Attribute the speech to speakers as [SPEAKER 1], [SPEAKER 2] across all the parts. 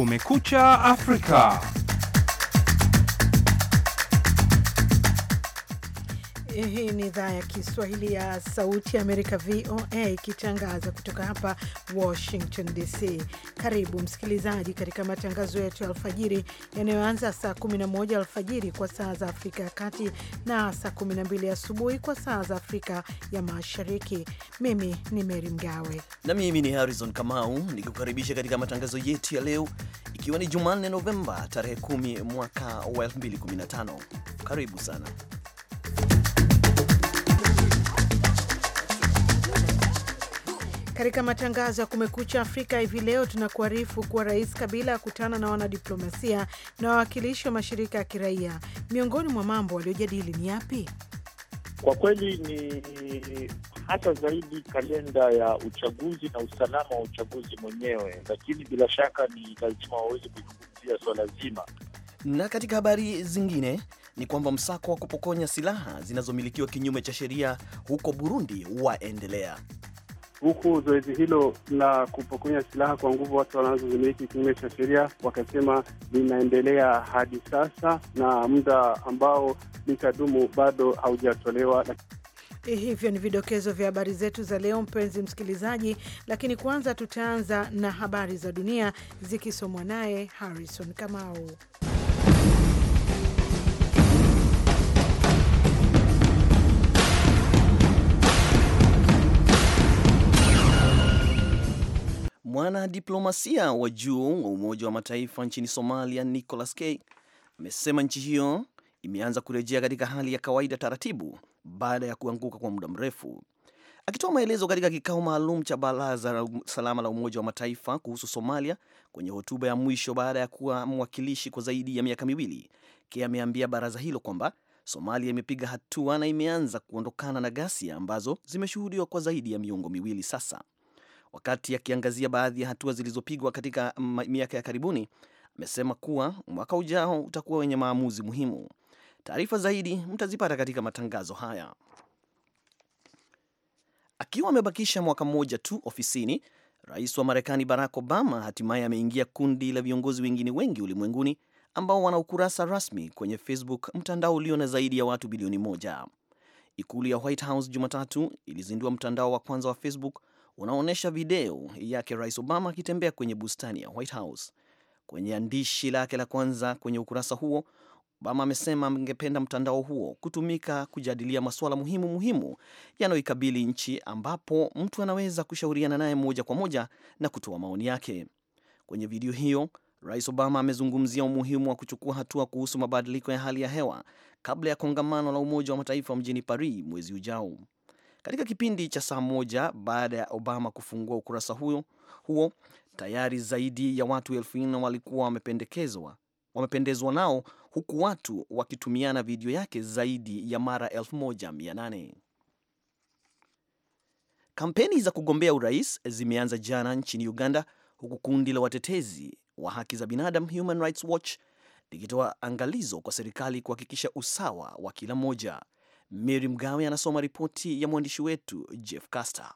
[SPEAKER 1] Kumekucha Afrika.
[SPEAKER 2] Hii ni idhaa ya Kiswahili ya Sauti ya Amerika, VOA, ikitangaza kutoka hapa Washington DC. Karibu msikilizaji katika matangazo yetu ya alfajiri yanayoanza saa 11 alfajiri kwa saa za Afrika ya Kati na saa 12 asubuhi kwa saa za Afrika ya Mashariki. Mimi ni Meri Mgawe
[SPEAKER 3] na mimi ni Harrison Kamau nikukaribisha katika matangazo yetu ya leo, ikiwa ni Jumanne Novemba tarehe 10 mwaka wa 2015. Karibu sana
[SPEAKER 2] Katika matangazo ya Kumekucha Afrika hivi leo tunakuarifu kuwa Rais Kabila akutana na wanadiplomasia na wawakilishi wa mashirika ya kiraia. Miongoni mwa mambo waliojadili ni yapi?
[SPEAKER 4] Kwa kweli ni hata zaidi kalenda ya uchaguzi na usalama wa uchaguzi mwenyewe, lakini bila shaka ni lazima waweze kuzungumzia swala zima.
[SPEAKER 3] Na katika habari zingine ni kwamba msako wa kupokonya silaha zinazomilikiwa kinyume cha sheria huko Burundi waendelea
[SPEAKER 5] huku zoezi hilo la kupokonya silaha kwa nguvu watu wanazozimiliki kinyume cha sheria, wakasema linaendelea hadi sasa na muda ambao litadumu bado haujatolewa.
[SPEAKER 2] Eh, hivyo ni vidokezo vya habari zetu za leo, mpenzi msikilizaji, lakini kwanza tutaanza na habari za dunia zikisomwa naye Harrison Kamau.
[SPEAKER 3] Mwanadiplomasia wa juu wa Umoja wa Mataifa nchini Somalia, Nicholas K amesema nchi hiyo imeanza kurejea katika hali ya kawaida taratibu baada ya kuanguka kwa muda mrefu. Akitoa maelezo katika kikao maalum cha Baraza la Usalama la Umoja wa Mataifa kuhusu Somalia kwenye hotuba ya mwisho baada ya kuwa mwakilishi kwa zaidi ya miaka miwili, K ameambia baraza hilo kwamba Somalia imepiga hatua na imeanza kuondokana na ghasia ambazo zimeshuhudiwa kwa zaidi ya miongo miwili sasa. Wakati akiangazia baadhi ya hatua zilizopigwa katika miaka ya karibuni, amesema kuwa mwaka ujao utakuwa wenye maamuzi muhimu. Taarifa zaidi mtazipata katika matangazo haya. Akiwa amebakisha mwaka mmoja tu ofisini, rais wa Marekani Barack Obama hatimaye ameingia kundi la viongozi wengine wengi ulimwenguni ambao wana ukurasa rasmi kwenye Facebook, mtandao ulio na zaidi ya watu bilioni moja. Ikulu ya White House Jumatatu ilizindua mtandao wa kwanza wa Facebook unaonyesha video yake Rais Obama akitembea kwenye bustani ya White House. Kwenye andishi lake la kwanza kwenye ukurasa huo, Obama amesema angependa mtandao huo kutumika kujadilia masuala muhimu muhimu yanayoikabili nchi, ambapo mtu anaweza kushauriana naye moja kwa moja na kutoa maoni yake. Kwenye video hiyo Rais Obama amezungumzia umuhimu wa kuchukua hatua kuhusu mabadiliko ya hali ya hewa kabla ya kongamano la Umoja wa Mataifa mjini Paris mwezi ujao. Katika kipindi cha saa moja baada ya Obama kufungua ukurasa huo, huo tayari zaidi ya watu elfu nne walikuwa wamependekezwa wamependezwa nao huku watu wakitumiana video yake zaidi ya mara 18 Kampeni za kugombea urais zimeanza jana nchini Uganda, huku kundi la watetezi wa haki za binadamu Human Rights Watch likitoa angalizo kwa serikali kuhakikisha usawa wa kila mmoja. Mary Mgawe anasoma ripoti ya mwandishi wetu Jeff Caster.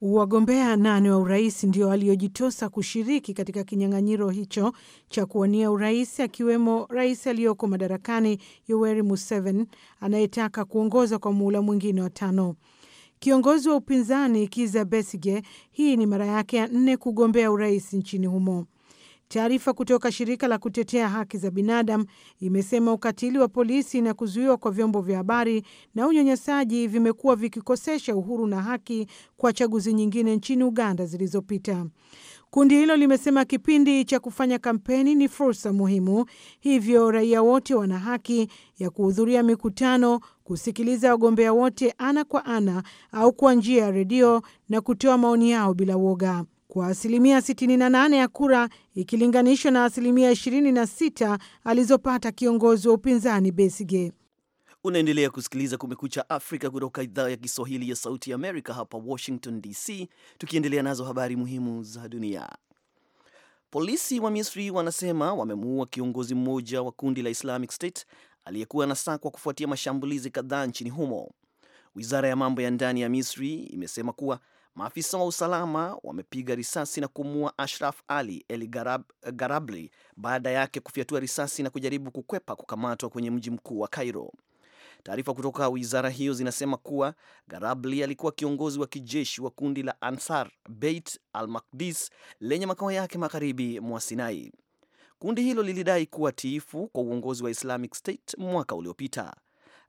[SPEAKER 2] Wagombea nane wa urais ndio waliojitosa kushiriki katika kinyang'anyiro hicho cha kuwania urais, akiwemo rais aliyoko madarakani Yoweri Museveni anayetaka kuongoza kwa muhula mwingine wa tano. Kiongozi wa upinzani Kizza Besigye, hii ni mara yake ya nne kugombea urais nchini humo. Taarifa kutoka shirika la kutetea haki za binadamu imesema ukatili wa polisi na kuzuiwa kwa vyombo vya habari na unyanyasaji vimekuwa vikikosesha uhuru na haki kwa chaguzi nyingine nchini Uganda zilizopita. Kundi hilo limesema kipindi cha kufanya kampeni ni fursa muhimu, hivyo raia wote wana haki ya kuhudhuria mikutano, kusikiliza wagombea wote ana kwa ana au kwa njia ya redio na kutoa maoni yao bila woga kwa asilimia 68 ya kura ikilinganishwa na asilimia 26 alizopata kiongozi wa upinzani Besige.
[SPEAKER 3] Unaendelea kusikiliza Kumekucha Afrika kutoka idhaa ya Kiswahili ya Sauti ya Amerika hapa Washington DC, tukiendelea nazo habari muhimu za dunia. Polisi wa Misri wanasema wamemuua kiongozi mmoja wa kundi la Islamic State aliyekuwa anasakwa kufuatia mashambulizi kadhaa nchini humo. Wizara ya mambo ya ndani ya Misri imesema kuwa Maafisa wa usalama wamepiga risasi na kumua Ashraf Ali El Garab, Garabli baada yake kufyatua risasi na kujaribu kukwepa kukamatwa kwenye mji mkuu wa Cairo. Taarifa kutoka wizara hiyo zinasema kuwa Garabli alikuwa kiongozi wa kijeshi wa kundi la Ansar Beit al makdis lenye makao yake magharibi mwa Sinai. Kundi hilo lilidai kuwa tiifu kwa uongozi wa Islamic State mwaka uliopita.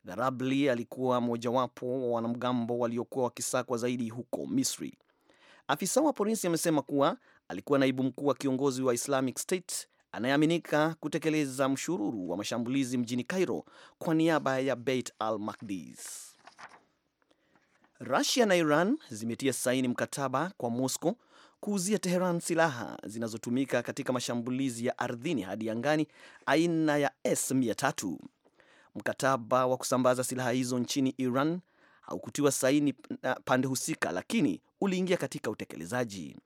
[SPEAKER 3] Dharabli alikuwa mmojawapo wa wanamgambo waliokuwa wakisakwa zaidi huko Misri. Afisa wa polisi amesema kuwa alikuwa naibu mkuu wa kiongozi wa Islamic State anayeaminika kutekeleza mshururu wa mashambulizi mjini Cairo kwa niaba ya Beit al Maqdis. Rusia na Iran zimetia saini mkataba kwa Moscow kuuzia Teheran silaha zinazotumika katika mashambulizi ya ardhini hadi angani aina ya S-300. Mkataba wa kusambaza silaha hizo nchini Iran haukutiwa saini eh, pande husika, lakini uliingia katika utekelezaji.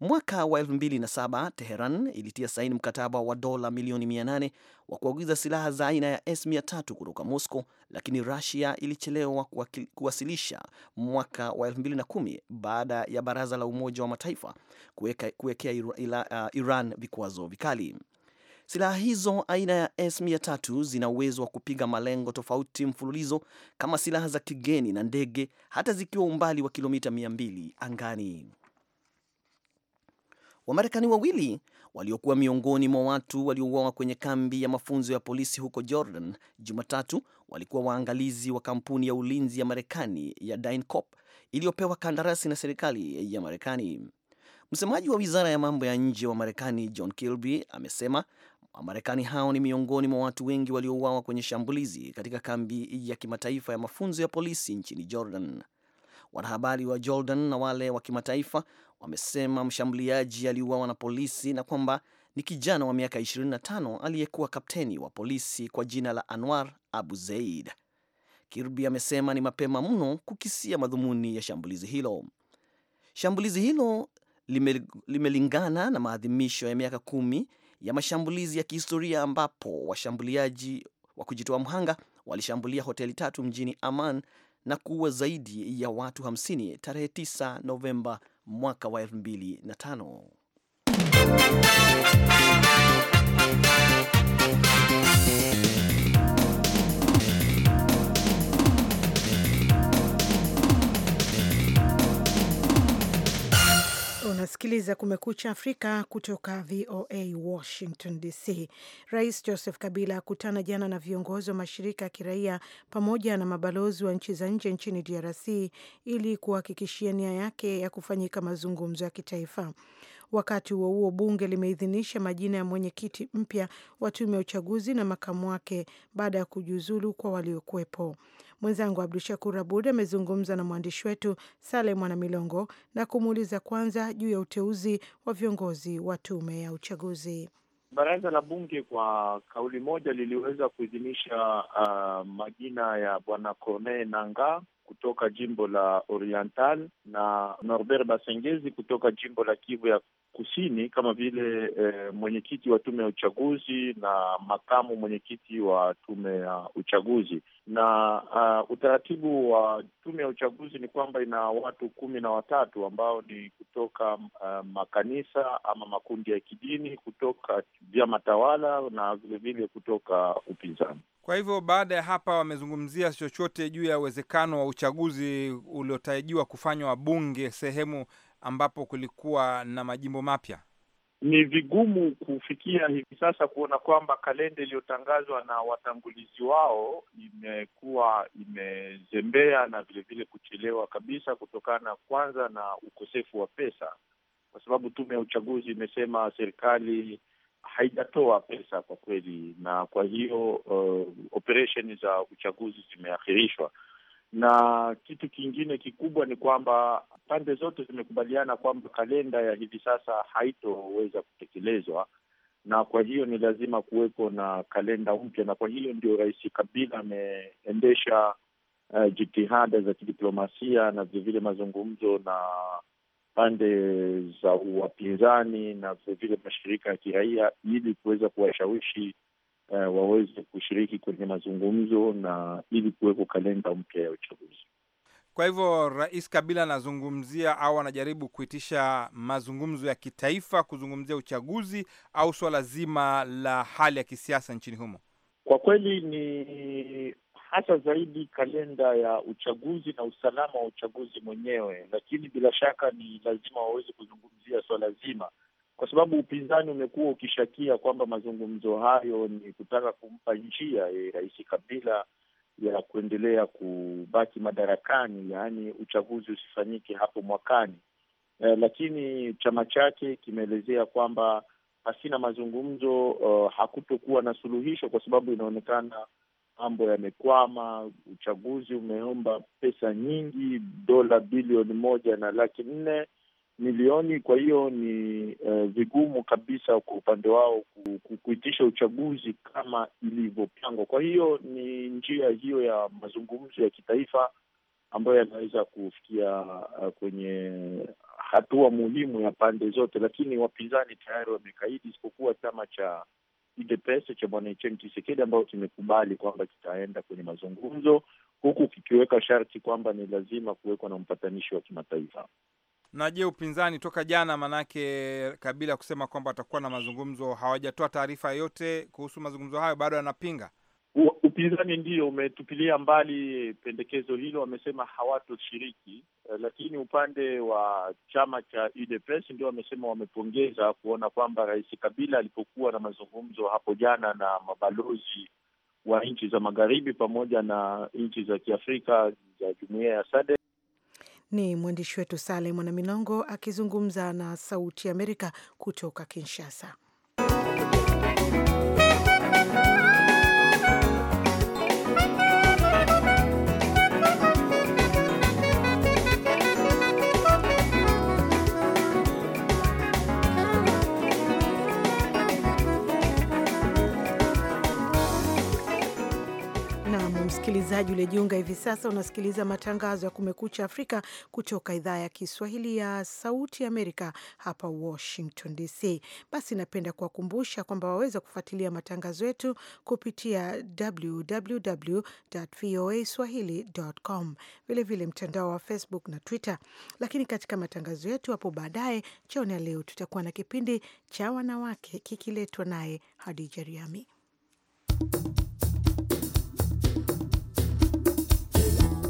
[SPEAKER 3] Mwaka wa 2007 Teheran ilitia saini mkataba wa dola milioni 800 wa kuagiza silaha za aina ya S300 kutoka Moscow, lakini Russia ilichelewa kuwasilisha mwaka wa 2010 baada ya baraza la Umoja wa Mataifa kuwekea eh, Iran vikwazo vikali. Silaha hizo aina ya S300 zina uwezo wa kupiga malengo tofauti mfululizo kama silaha za kigeni na ndege, hata zikiwa umbali wa kilomita 200 angani. Wamarekani wawili waliokuwa miongoni mwa watu waliouawa kwenye kambi ya mafunzo ya polisi huko Jordan Jumatatu walikuwa waangalizi wa kampuni ya ulinzi ya Marekani ya DynCorp iliyopewa kandarasi na serikali ya Marekani. Msemaji wa wizara ya mambo ya nje wa Marekani John Kirby amesema Wamarekani hao ni miongoni mwa watu wengi waliouawa kwenye shambulizi katika kambi ya kimataifa ya mafunzo ya polisi nchini Jordan. Wanahabari wa Jordan na wale wa kimataifa wamesema mshambuliaji aliuawa na polisi na kwamba ni kijana wa miaka 25 aliyekuwa kapteni wa polisi kwa jina la Anwar Abu Zeid. Kirby amesema ni mapema mno kukisia madhumuni ya shambulizi hilo. Shambulizi hilo limelingana na maadhimisho ya miaka kumi ya mashambulizi ya kihistoria ambapo washambuliaji wa kujitoa mhanga walishambulia hoteli tatu mjini aman na kuua zaidi ya watu 50 tarehe 9 Novemba mwaka wa 2005.
[SPEAKER 2] Unasikiliza Kumekucha Afrika kutoka VOA Washington DC. Rais Joseph Kabila akutana jana na viongozi wa mashirika ya kiraia pamoja na mabalozi wa nchi za nje nchini DRC ili kuhakikishia nia yake ya kufanyika mazungumzo ya kitaifa. Wakati huo huo, bunge limeidhinisha majina ya mwenyekiti mpya wa tume ya uchaguzi na makamu wake baada ya kujiuzulu kwa waliokuwepo. Mwenzangu Abdu Shakur Abud amezungumza na mwandishi wetu Sale Mwanamilongo na kumuuliza kwanza juu ya uteuzi wa viongozi wa tume ya uchaguzi.
[SPEAKER 4] Baraza la bunge kwa kauli moja liliweza kuidhinisha uh, majina ya bwana Corne nanga kutoka jimbo la Oriental na Norbert Basengezi kutoka jimbo la Kivu ya Kusini kama vile e, mwenyekiti wa tume ya uchaguzi na makamu mwenyekiti wa tume ya uchaguzi. Na uh, utaratibu wa tume ya uchaguzi ni kwamba ina watu kumi na watatu ambao ni kutoka uh, makanisa ama makundi ya kidini, kutoka vyama tawala na vilevile kutoka upinzani.
[SPEAKER 1] Kwa hivyo baada ya hapa wamezungumzia chochote juu ya uwezekano wa uchaguzi uliotarajiwa kufanywa wabunge sehemu ambapo kulikuwa na majimbo mapya? Ni vigumu kufikia hivi
[SPEAKER 4] sasa kuona kwamba kalenda iliyotangazwa na watangulizi wao imekuwa imezembea na vilevile kuchelewa kabisa, kutokana kwanza na ukosefu wa pesa, kwa sababu tume ya uchaguzi imesema serikali haijatoa pesa kwa kweli, na kwa hiyo uh, operesheni za uchaguzi zimeahirishwa na kitu kingine kikubwa ni kwamba pande zote zimekubaliana kwamba kalenda ya hivi sasa haitoweza kutekelezwa, na kwa hiyo ni lazima kuweko na kalenda mpya, na kwa hiyo ndio Rais Kabila ameendesha uh, jitihada za kidiplomasia na vilevile mazungumzo na pande za wapinzani na vilevile mashirika ya kiraia ili kuweza kuwashawishi uh, waweze kushiriki kwenye mazungumzo na ili kuweko kalenda mpya ya uchaguzi.
[SPEAKER 1] Kwa hivyo Rais Kabila anazungumzia au anajaribu kuitisha mazungumzo ya kitaifa kuzungumzia uchaguzi au suala zima la hali ya kisiasa nchini humo.
[SPEAKER 4] Kwa kweli ni hasa zaidi kalenda ya uchaguzi na usalama wa uchaguzi mwenyewe, lakini bila shaka ni lazima waweze kuzungumzia suala zima kwa sababu upinzani umekuwa ukishakia kwamba mazungumzo hayo ni kutaka kumpa njia e, Rais Kabila ya kuendelea kubaki madarakani, yaani uchaguzi usifanyike hapo mwakani. E, lakini chama chake kimeelezea kwamba pasina mazungumzo uh, hakutokuwa na suluhisho, kwa sababu inaonekana mambo yamekwama. Uchaguzi umeomba pesa nyingi, dola bilioni moja na laki nne milioni. Kwa hiyo ni uh, vigumu kabisa kwa upande wao kuitisha uchaguzi kama ilivyopangwa. Kwa hiyo ni njia hiyo ya mazungumzo ya kitaifa ambayo yanaweza kufikia uh, kwenye hatua muhimu ya pande zote, lakini wapinzani tayari wamekaidi, isipokuwa chama cha UDPS cha Bwana Etienne Tshisekedi ambayo kimekubali kwamba kitaenda kwenye mazungumzo huku kikiweka sharti kwamba ni lazima kuwekwa na mpatanishi wa kimataifa.
[SPEAKER 1] Na je, upinzani toka jana, manake Kabila kusema kwamba watakuwa na mazungumzo, hawajatoa taarifa yote kuhusu mazungumzo hayo, bado
[SPEAKER 4] anapinga. Upinzani ndio umetupilia mbali pendekezo hilo, wamesema hawatoshiriki, eh, lakini upande wa chama cha UDPS ndio wamesema wamepongeza kuona kwamba Rais Kabila alipokuwa na mazungumzo hapo jana na mabalozi wa nchi za magharibi pamoja na nchi za Kiafrika za jumuiya ya SADC
[SPEAKER 2] ni mwandishi wetu Sale Mwanamilongo akizungumza na Sauti Amerika kutoka Kinshasa. Msikilizaji ulijiunga hivi sasa, unasikiliza matangazo ya Kumekucha Afrika kutoka idhaa ya Kiswahili ya Sauti Amerika hapa Washington DC. Basi napenda kuwakumbusha kwamba waweza kufuatilia matangazo yetu kupitia swahilicom vilevile mtandao wa Facebook na Twitter. Lakini katika matangazo yetu hapo baadaye, chaona leo tutakuwa na kipindi cha wanawake kikiletwa naye Hadija Riami.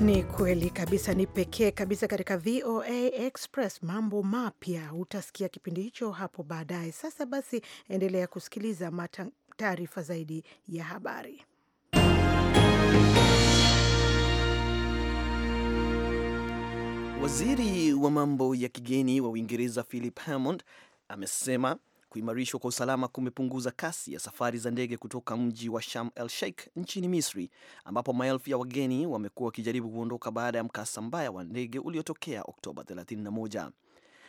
[SPEAKER 2] Ni kweli kabisa, ni pekee kabisa katika VOA Express. Mambo mapya utasikia kipindi hicho hapo baadaye. Sasa basi, endelea kusikiliza taarifa zaidi ya habari.
[SPEAKER 3] Waziri wa mambo ya kigeni wa Uingereza Philip Hammond amesema Kuimarishwa kwa usalama kumepunguza kasi ya safari za ndege kutoka mji wa Sham el Sheikh nchini Misri, ambapo maelfu ya wageni wamekuwa wakijaribu kuondoka baada ya mkasa mbaya wa ndege uliotokea Oktoba 31.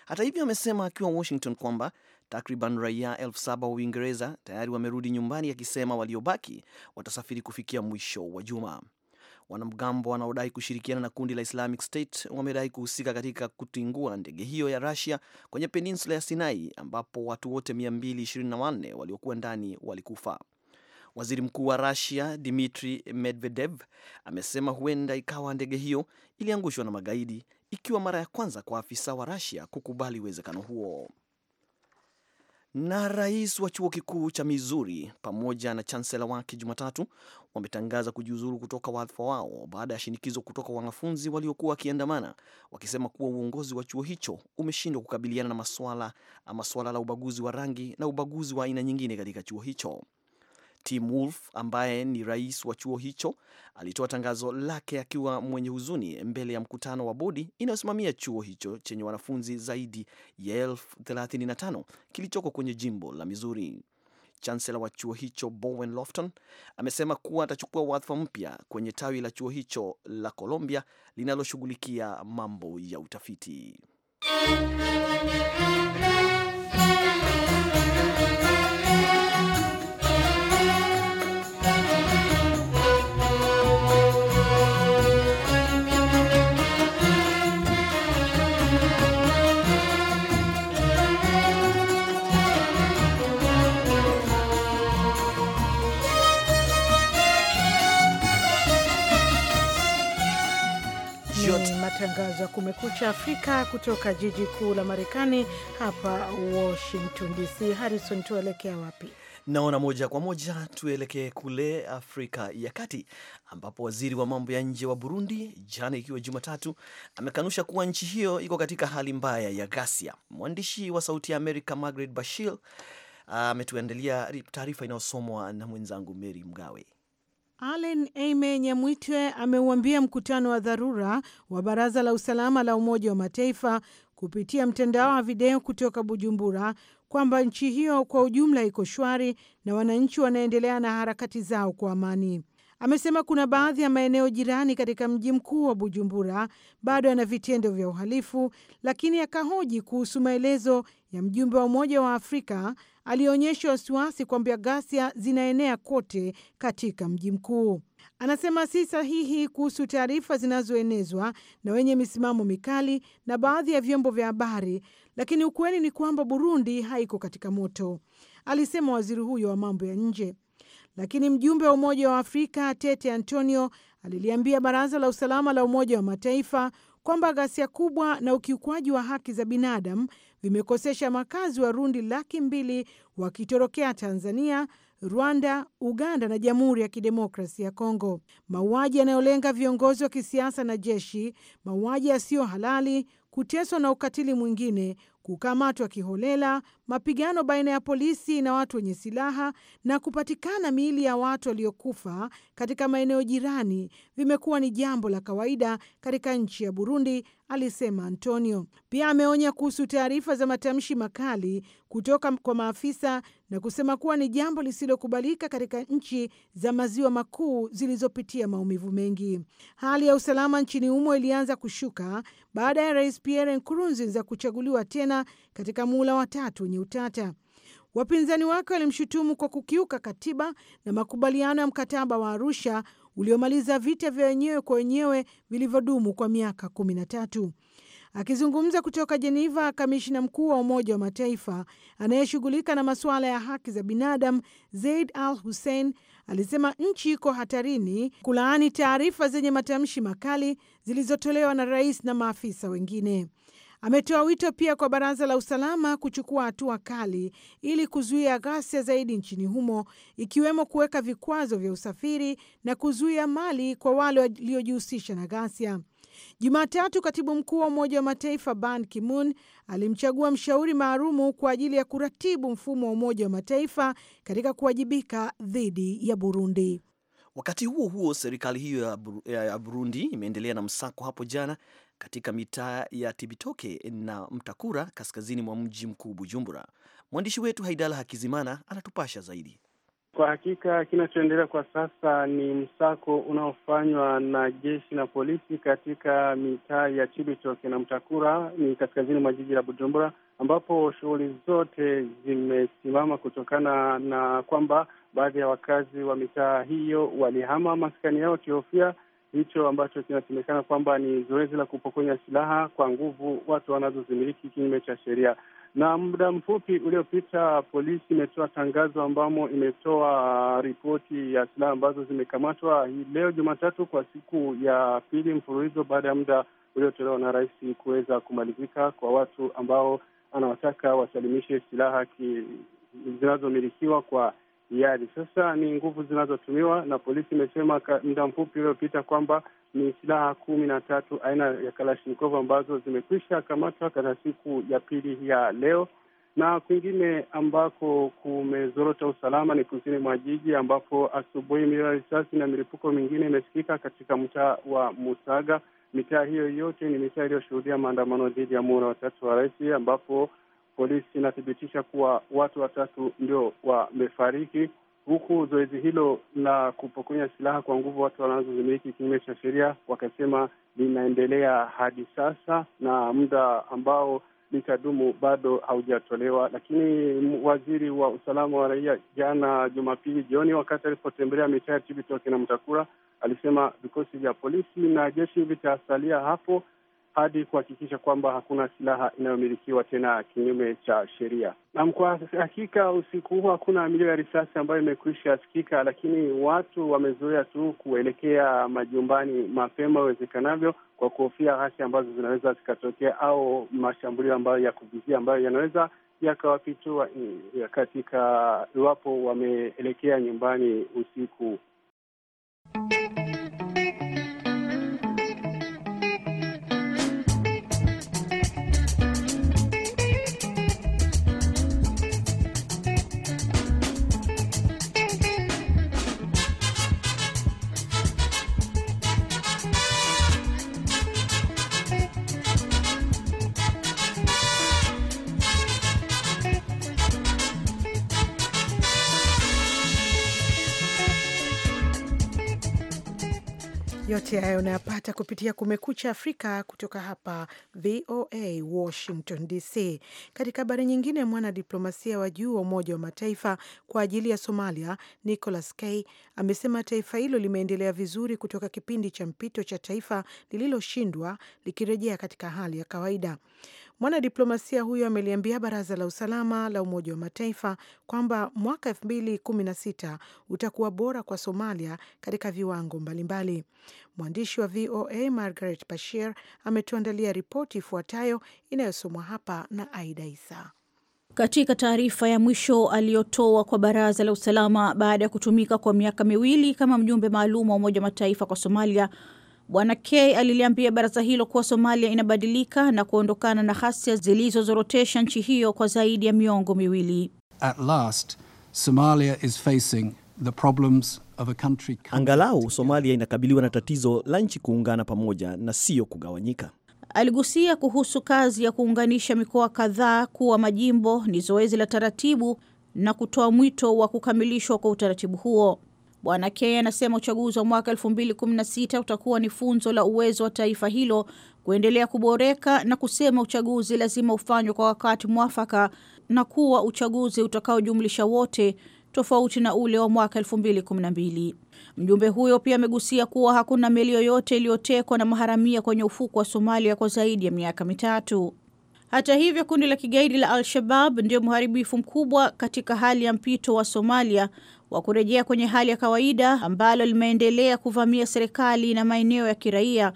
[SPEAKER 3] Hata hivyo, amesema akiwa Washington kwamba takriban raia elfu saba wa Uingereza tayari wamerudi nyumbani, akisema waliobaki watasafiri kufikia mwisho wa juma. Wanamgambo wanaodai kushirikiana na kundi la Islamic State wamedai kuhusika katika kutingua ndege hiyo ya Russia kwenye peninsula ya Sinai ambapo watu wote 224 waliokuwa ndani walikufa. Waziri Mkuu wa Russia Dmitry Medvedev amesema huenda ikawa ndege hiyo iliangushwa na magaidi, ikiwa mara ya kwanza kwa afisa wa Russia kukubali uwezekano huo na rais wa chuo kikuu cha Missouri pamoja na chansela wake Jumatatu wametangaza kujiuzuru kutoka wadhifa wao baada ya shinikizo kutoka wanafunzi waliokuwa wakiandamana wakisema kuwa uongozi wa chuo hicho umeshindwa kukabiliana na maswala, maswala la ubaguzi wa rangi na ubaguzi wa aina nyingine katika chuo hicho. Tim Wolf ambaye ni rais wa chuo hicho alitoa tangazo lake akiwa mwenye huzuni mbele ya mkutano wa bodi inayosimamia chuo hicho chenye wanafunzi zaidi ya elfu 35 kilichoko kwenye jimbo la mizuri Chansela wa chuo hicho Bowen Lofton amesema kuwa atachukua wadhifa mpya kwenye tawi la chuo hicho la colombia linaloshughulikia mambo ya utafiti.
[SPEAKER 2] matangazo ya Kumekucha Afrika kutoka jiji kuu la Marekani, hapa Washington DC. Harrison, tuelekea wapi?
[SPEAKER 3] Naona moja kwa moja tuelekee kule Afrika ya Kati, ambapo waziri wa mambo ya nje wa Burundi jana, ikiwa Jumatatu, amekanusha kuwa nchi hiyo iko katika hali mbaya ya ghasia. Mwandishi wa Sauti ya Amerika Margaret Bashir ametuandalia taarifa inayosomwa na mwenzangu Mary Mgawe.
[SPEAKER 2] Alen Aime Nyamwitwe ameuambia mkutano wa dharura wa Baraza la Usalama la Umoja wa Mataifa kupitia mtandao wa video kutoka Bujumbura kwamba nchi hiyo kwa ujumla iko shwari na wananchi wanaendelea na harakati zao kwa amani amesema kuna baadhi ya maeneo jirani katika mji mkuu wa Bujumbura bado yana vitendo vya uhalifu, lakini akahoji kuhusu maelezo ya mjumbe wa Umoja wa Afrika aliyeonyesha wasiwasi kwamba ghasia zinaenea kote katika mji mkuu. Anasema si sahihi kuhusu taarifa zinazoenezwa na wenye misimamo mikali na baadhi ya vyombo vya habari, lakini ukweli ni kwamba Burundi haiko katika moto, alisema waziri huyo wa mambo ya nje lakini mjumbe wa Umoja wa Afrika Tete Antonio aliliambia Baraza la Usalama la Umoja wa Mataifa kwamba ghasia kubwa na ukiukwaji wa haki za binadamu vimekosesha makazi wa rundi laki mbili wakitorokea Tanzania, Rwanda, Uganda na Jamhuri ya Kidemokrasi ya Kongo. Mauaji yanayolenga viongozi wa kisiasa na jeshi, mauaji yasiyo halali, kuteswa na ukatili mwingine kukamatwa kiholela, mapigano baina ya polisi na watu wenye silaha na kupatikana miili ya watu waliokufa katika maeneo jirani vimekuwa ni jambo la kawaida katika nchi ya Burundi alisema Antonio. Pia ameonya kuhusu taarifa za matamshi makali kutoka kwa maafisa na kusema kuwa ni jambo lisilokubalika katika nchi za maziwa makuu zilizopitia maumivu mengi. Hali ya usalama nchini humo ilianza kushuka baada ya Rais Pierre Nkurunziza kuchaguliwa tena katika muhula wa tatu wenye utata. Wapinzani wake walimshutumu kwa kukiuka katiba na makubaliano ya mkataba wa Arusha uliomaliza vita vya wenyewe kwa wenyewe vilivyodumu kwa miaka kumi na tatu. Akizungumza kutoka Jeneva, kamishina mkuu wa Umoja wa Mataifa anayeshughulika na masuala ya haki za binadamu Zaid Al Hussein alisema nchi iko hatarini, kulaani taarifa zenye matamshi makali zilizotolewa na rais na maafisa wengine. Ametoa wito pia kwa baraza la usalama kuchukua hatua kali ili kuzuia ghasia zaidi nchini humo, ikiwemo kuweka vikwazo vya usafiri na kuzuia mali kwa wale waliojihusisha na ghasia. Jumatatu, katibu mkuu wa Umoja wa Mataifa Ban Ki-moon alimchagua mshauri maalumu kwa ajili ya kuratibu mfumo wa Umoja wa Mataifa katika kuwajibika dhidi ya Burundi.
[SPEAKER 3] Wakati huo huo, serikali hiyo ya Burundi imeendelea na msako hapo jana katika mitaa ya Tibitoke na Mtakura kaskazini mwa mji mkuu Bujumbura. Mwandishi wetu Haidala Hakizimana anatupasha zaidi.
[SPEAKER 5] Kwa hakika kinachoendelea kwa sasa ni msako unaofanywa na jeshi na polisi katika mitaa ya Chibitoke na Mtakura, ni kaskazini mwa jiji la Bujumbura, ambapo shughuli zote zimesimama kutokana na kwamba baadhi ya wakazi wa mitaa hiyo walihama maskani yao kihofia hicho ambacho kinasemekana kwamba ni zoezi la kupokonya silaha kwa nguvu watu wanazozimiliki kinyume cha sheria. Na muda mfupi uliopita, polisi imetoa tangazo ambamo imetoa uh, ripoti ya silaha ambazo zimekamatwa hii leo Jumatatu kwa siku ya pili mfululizo baada ya muda uliotolewa na rais kuweza kumalizika kwa watu ambao anawataka wasalimishe silaha zinazomilikiwa kwa yadi. Sasa ni nguvu zinazotumiwa na polisi imesema muda mfupi uliopita kwamba ni silaha kumi na tatu aina ya Kalashnikov ambazo zimekwisha kamatwa katika siku ya pili ya leo. Na kwingine ambako kumezorota usalama ni kusini mwa jiji ambapo asubuhi milio ya risasi na milipuko mingine imesikika katika mtaa wa Musaga. Mitaa hiyo yote ni mitaa iliyoshuhudia maandamano dhidi ya muhula watatu wa rais ambapo polisi inathibitisha kuwa watu watatu ndio wamefariki, huku zoezi hilo la kupokonya silaha kwa nguvu watu wanazozimiliki kinyume cha sheria wakasema linaendelea hadi sasa na muda ambao litadumu bado haujatolewa. Lakini waziri wa usalama wa raia jana Jumapili jioni, wakati alipotembelea mitaa ya Cibitoke na Mtakura, alisema vikosi vya polisi na jeshi vitasalia hapo hadi kuhakikisha kwamba hakuna silaha inayomilikiwa tena kinyume cha sheria. Nam, kwa hakika usiku huu hakuna milio ya risasi ambayo imekwisha sikika, lakini watu wamezoea tu kuelekea majumbani mapema iwezekanavyo kwa kuhofia ghasia ambazo zinaweza zikatokea au mashambulio ambayo ya kuvizia ambayo yanaweza yakawapitua eh, katika iwapo wameelekea nyumbani usiku.
[SPEAKER 2] Yote hayo unayapata kupitia Kumekucha Afrika kutoka hapa VOA Washington DC. Katika habari nyingine, mwanadiplomasia wa juu wa Umoja wa Mataifa kwa ajili ya Somalia Nicholas K amesema taifa hilo limeendelea vizuri kutoka kipindi cha mpito cha taifa lililoshindwa likirejea katika hali ya kawaida. Mwanadiplomasia huyo ameliambia baraza la usalama la Umoja wa Mataifa kwamba mwaka 216 utakuwa bora kwa Somalia katika viwango mbalimbali. Mwandishi wa VOA Margaret Bashir ametuandalia ripoti ifuatayo inayosomwa hapa na Aida Isa.
[SPEAKER 6] Katika taarifa ya mwisho aliyotoa kwa baraza la usalama baada ya kutumika kwa miaka miwili kama mjumbe maalum wa Umoja wa Mataifa kwa Somalia, Bwana K aliliambia baraza hilo kuwa Somalia inabadilika na kuondokana na ghasia zilizozorotesha nchi hiyo kwa zaidi ya miongo miwili.
[SPEAKER 3] At last, Somalia is facing the problems of a country... Angalau Somalia inakabiliwa na tatizo la nchi kuungana pamoja na siyo kugawanyika.
[SPEAKER 6] Aligusia kuhusu kazi ya kuunganisha mikoa kadhaa kuwa majimbo ni zoezi la taratibu na kutoa mwito wa kukamilishwa kwa utaratibu huo. Bwana K anasema uchaguzi wa mwaka 2016 utakuwa ni funzo la uwezo wa taifa hilo kuendelea kuboreka na kusema uchaguzi lazima ufanywe kwa wakati mwafaka na kuwa uchaguzi utakaojumlisha wote tofauti na ule wa mwaka 2012. Mjumbe huyo pia amegusia kuwa hakuna meli yoyote iliyotekwa na maharamia kwenye ufuko wa Somalia kwa zaidi ya miaka mitatu. Hata hivyo, kundi la kigaidi la Al-Shabab ndio mharibifu mkubwa katika hali ya mpito wa Somalia wa kurejea kwenye hali ya kawaida, ambalo limeendelea kuvamia serikali na maeneo ya kiraia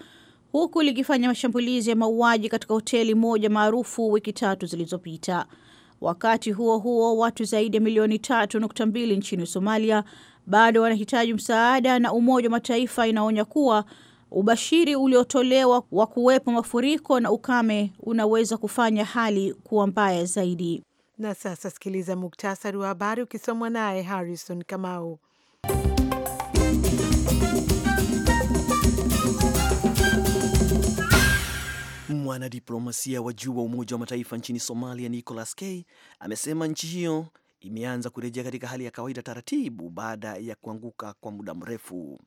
[SPEAKER 6] huku likifanya mashambulizi ya mauaji katika hoteli moja maarufu wiki tatu zilizopita. Wakati huo huo, watu zaidi ya milioni tatu nukta mbili nchini Somalia bado wanahitaji msaada na Umoja wa Mataifa inaonya kuwa Ubashiri uliotolewa wa kuwepo mafuriko na ukame unaweza kufanya hali kuwa mbaya zaidi.
[SPEAKER 2] Na sasa sikiliza muktasari wa habari ukisomwa naye Harrison Kamau.
[SPEAKER 3] Mwanadiplomasia wa juu wa Umoja wa Mataifa nchini Somalia, Nicholas K amesema nchi hiyo imeanza kurejea katika hali ya kawaida taratibu baada ya kuanguka kwa muda mrefu.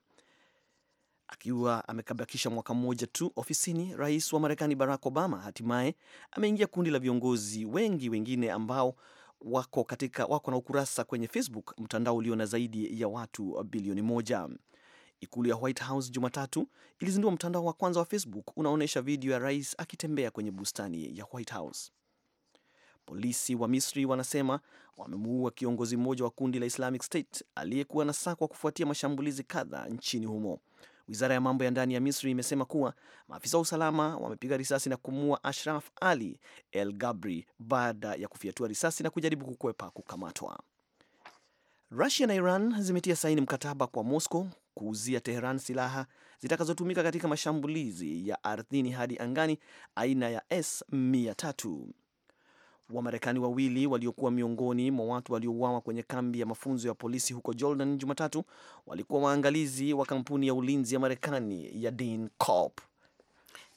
[SPEAKER 3] Akiwa amekabakisha mwaka mmoja tu ofisini, rais wa Marekani Barack Obama hatimaye ameingia kundi la viongozi wengi wengine ambao wako katika wako na ukurasa kwenye Facebook, mtandao ulio na zaidi ya watu bilioni moja. Ikulu ya White House Jumatatu ilizindua mtandao wa kwanza wa Facebook unaonyesha video ya rais akitembea kwenye bustani ya White House. Polisi wa Misri wanasema wamemuua kiongozi mmoja wa kundi la Islamic State aliyekuwa na sakwa kufuatia mashambulizi kadhaa nchini humo. Wizara ya mambo ya ndani ya Misri imesema kuwa maafisa wa usalama wamepiga risasi na kumua Ashraf Ali El Gabri baada ya kufiatua risasi na kujaribu kukwepa kukamatwa. Rusia na Iran zimetia saini mkataba kwa Moscow kuuzia Teheran silaha zitakazotumika katika mashambulizi ya ardhini hadi angani aina ya S Wamarekani wawili waliokuwa miongoni mwa watu waliouawa kwenye kambi ya mafunzo ya polisi huko Jordan Jumatatu walikuwa waangalizi wa kampuni ya ulinzi ya Marekani ya Dean Corp.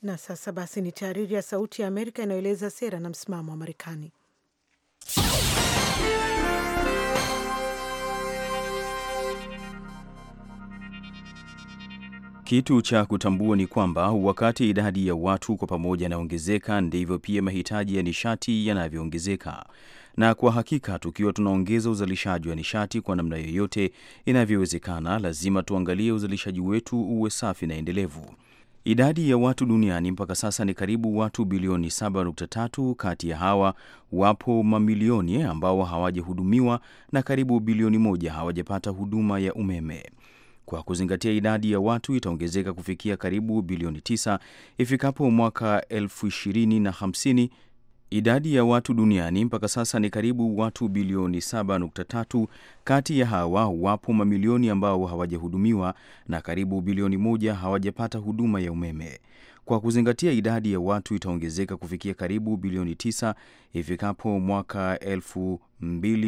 [SPEAKER 2] Na sasa basi ni tahariri ya Sauti ya Amerika inayoeleza sera na msimamo wa Marekani.
[SPEAKER 1] Kitu cha kutambua ni kwamba wakati idadi ya watu kwa pamoja yanaongezeka, ndivyo pia mahitaji ya nishati yanavyoongezeka, na kwa hakika tukiwa tunaongeza uzalishaji wa nishati kwa namna yoyote inavyowezekana, lazima tuangalie uzalishaji wetu uwe safi na endelevu. Idadi ya watu duniani mpaka sasa ni karibu watu bilioni 7.3. Kati ya hawa wapo mamilioni ambao hawajahudumiwa na karibu bilioni moja hawajapata huduma ya umeme kwa kuzingatia idadi ya watu itaongezeka kufikia karibu bilioni 9 ifikapo mwaka 250 Idadi ya watu duniani mpaka sasa ni karibu watu bilioni 7.3. Kati ya hawa wapo mamilioni ambao hawajahudumiwa na karibu bilioni moja hawajapata huduma ya umeme. Kwa kuzingatia idadi ya watu itaongezeka kufikia karibu bilioni tisa ifikapo mwaka elfu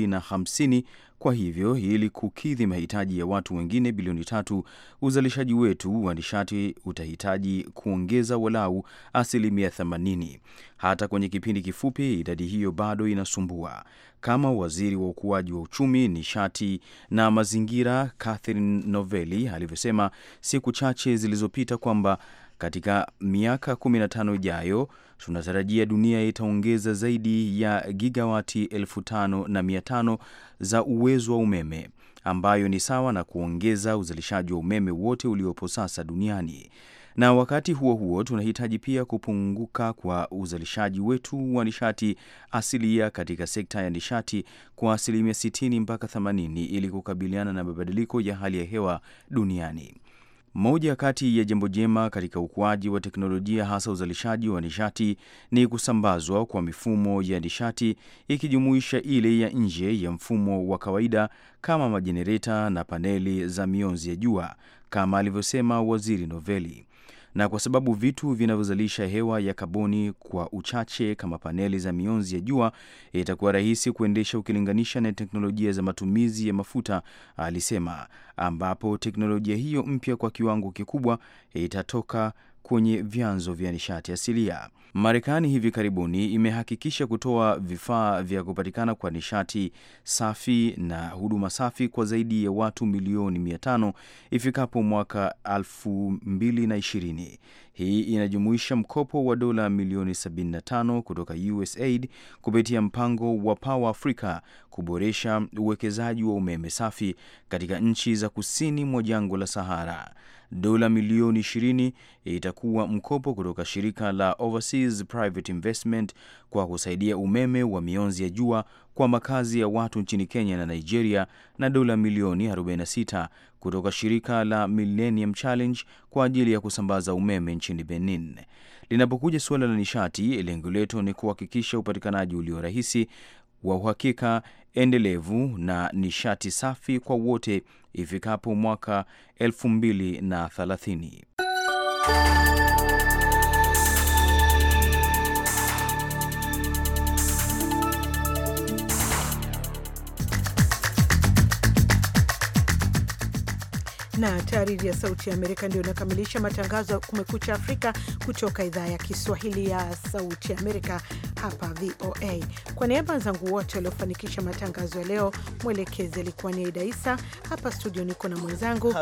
[SPEAKER 1] na Kwa hivyo ili kukidhi mahitaji ya watu wengine bilioni tatu, uzalishaji wetu wa nishati utahitaji kuongeza walau asilimia 80. Hata kwenye kipindi kifupi, idadi hiyo bado inasumbua. Kama waziri wa ukuaji wa uchumi, nishati na mazingira Catherine Novelli alivyosema siku chache zilizopita kwamba katika miaka 15 ijayo tunatarajia dunia itaongeza zaidi ya gigawati 5500 za uwezo wa umeme ambayo ni sawa na kuongeza uzalishaji wa umeme wote uliopo sasa duniani. Na wakati huo huo tunahitaji pia kupunguka kwa uzalishaji wetu wa nishati asilia katika sekta ya nishati kwa asilimia 60 mpaka 80 ili kukabiliana na mabadiliko ya hali ya hewa duniani. Moja kati ya jambo jema katika ukuaji wa teknolojia, hasa uzalishaji wa nishati, ni kusambazwa kwa mifumo ya nishati ikijumuisha ile ya nje ya mfumo wa kawaida kama majenereta na paneli za mionzi ya jua, kama alivyosema Waziri Noveli na kwa sababu vitu vinavyozalisha hewa ya kaboni kwa uchache kama paneli za mionzi ya jua itakuwa rahisi kuendesha ukilinganisha na teknolojia za matumizi ya mafuta, alisema, ambapo teknolojia hiyo mpya kwa kiwango kikubwa itatoka kwenye vyanzo vya nishati asilia. Marekani hivi karibuni imehakikisha kutoa vifaa vya kupatikana kwa nishati safi na huduma safi kwa zaidi ya watu milioni 5 ifikapo mwaka 220 hii inajumuisha mkopo wa dola milioni 75 kutoka USAID kupitia mpango wa Power Africa kuboresha uwekezaji wa umeme safi katika nchi za kusini mwa jangwa la Sahara. Dola milioni 20 itakuwa mkopo kutoka shirika la Overseas Private Investment kwa kusaidia umeme wa mionzi ya jua kwa makazi ya watu nchini Kenya na Nigeria, na dola milioni 46 kutoka shirika la Millennium Challenge kwa ajili ya kusambaza umeme nchini Benin. Linapokuja suala la nishati, lengo letu ni kuhakikisha upatikanaji ulio rahisi wa uhakika, endelevu na nishati safi kwa wote ifikapo mwaka 2030.
[SPEAKER 2] na taarifa ya Sauti ya Amerika ndio inakamilisha matangazo ya Kumekucha Afrika kutoka idhaa ya Kiswahili ya Sauti ya Amerika hapa VOA. Kwa niaba zangu wote waliofanikisha matangazo ya leo, mwelekezi alikuwa ni Aida Isa. Hapa studio niko na mwenzangu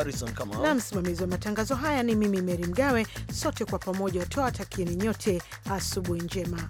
[SPEAKER 2] na msimamizi wa matangazo haya ni mimi Meri Mgawe. Sote kwa pamoja toa takieni nyote asubuhi njema.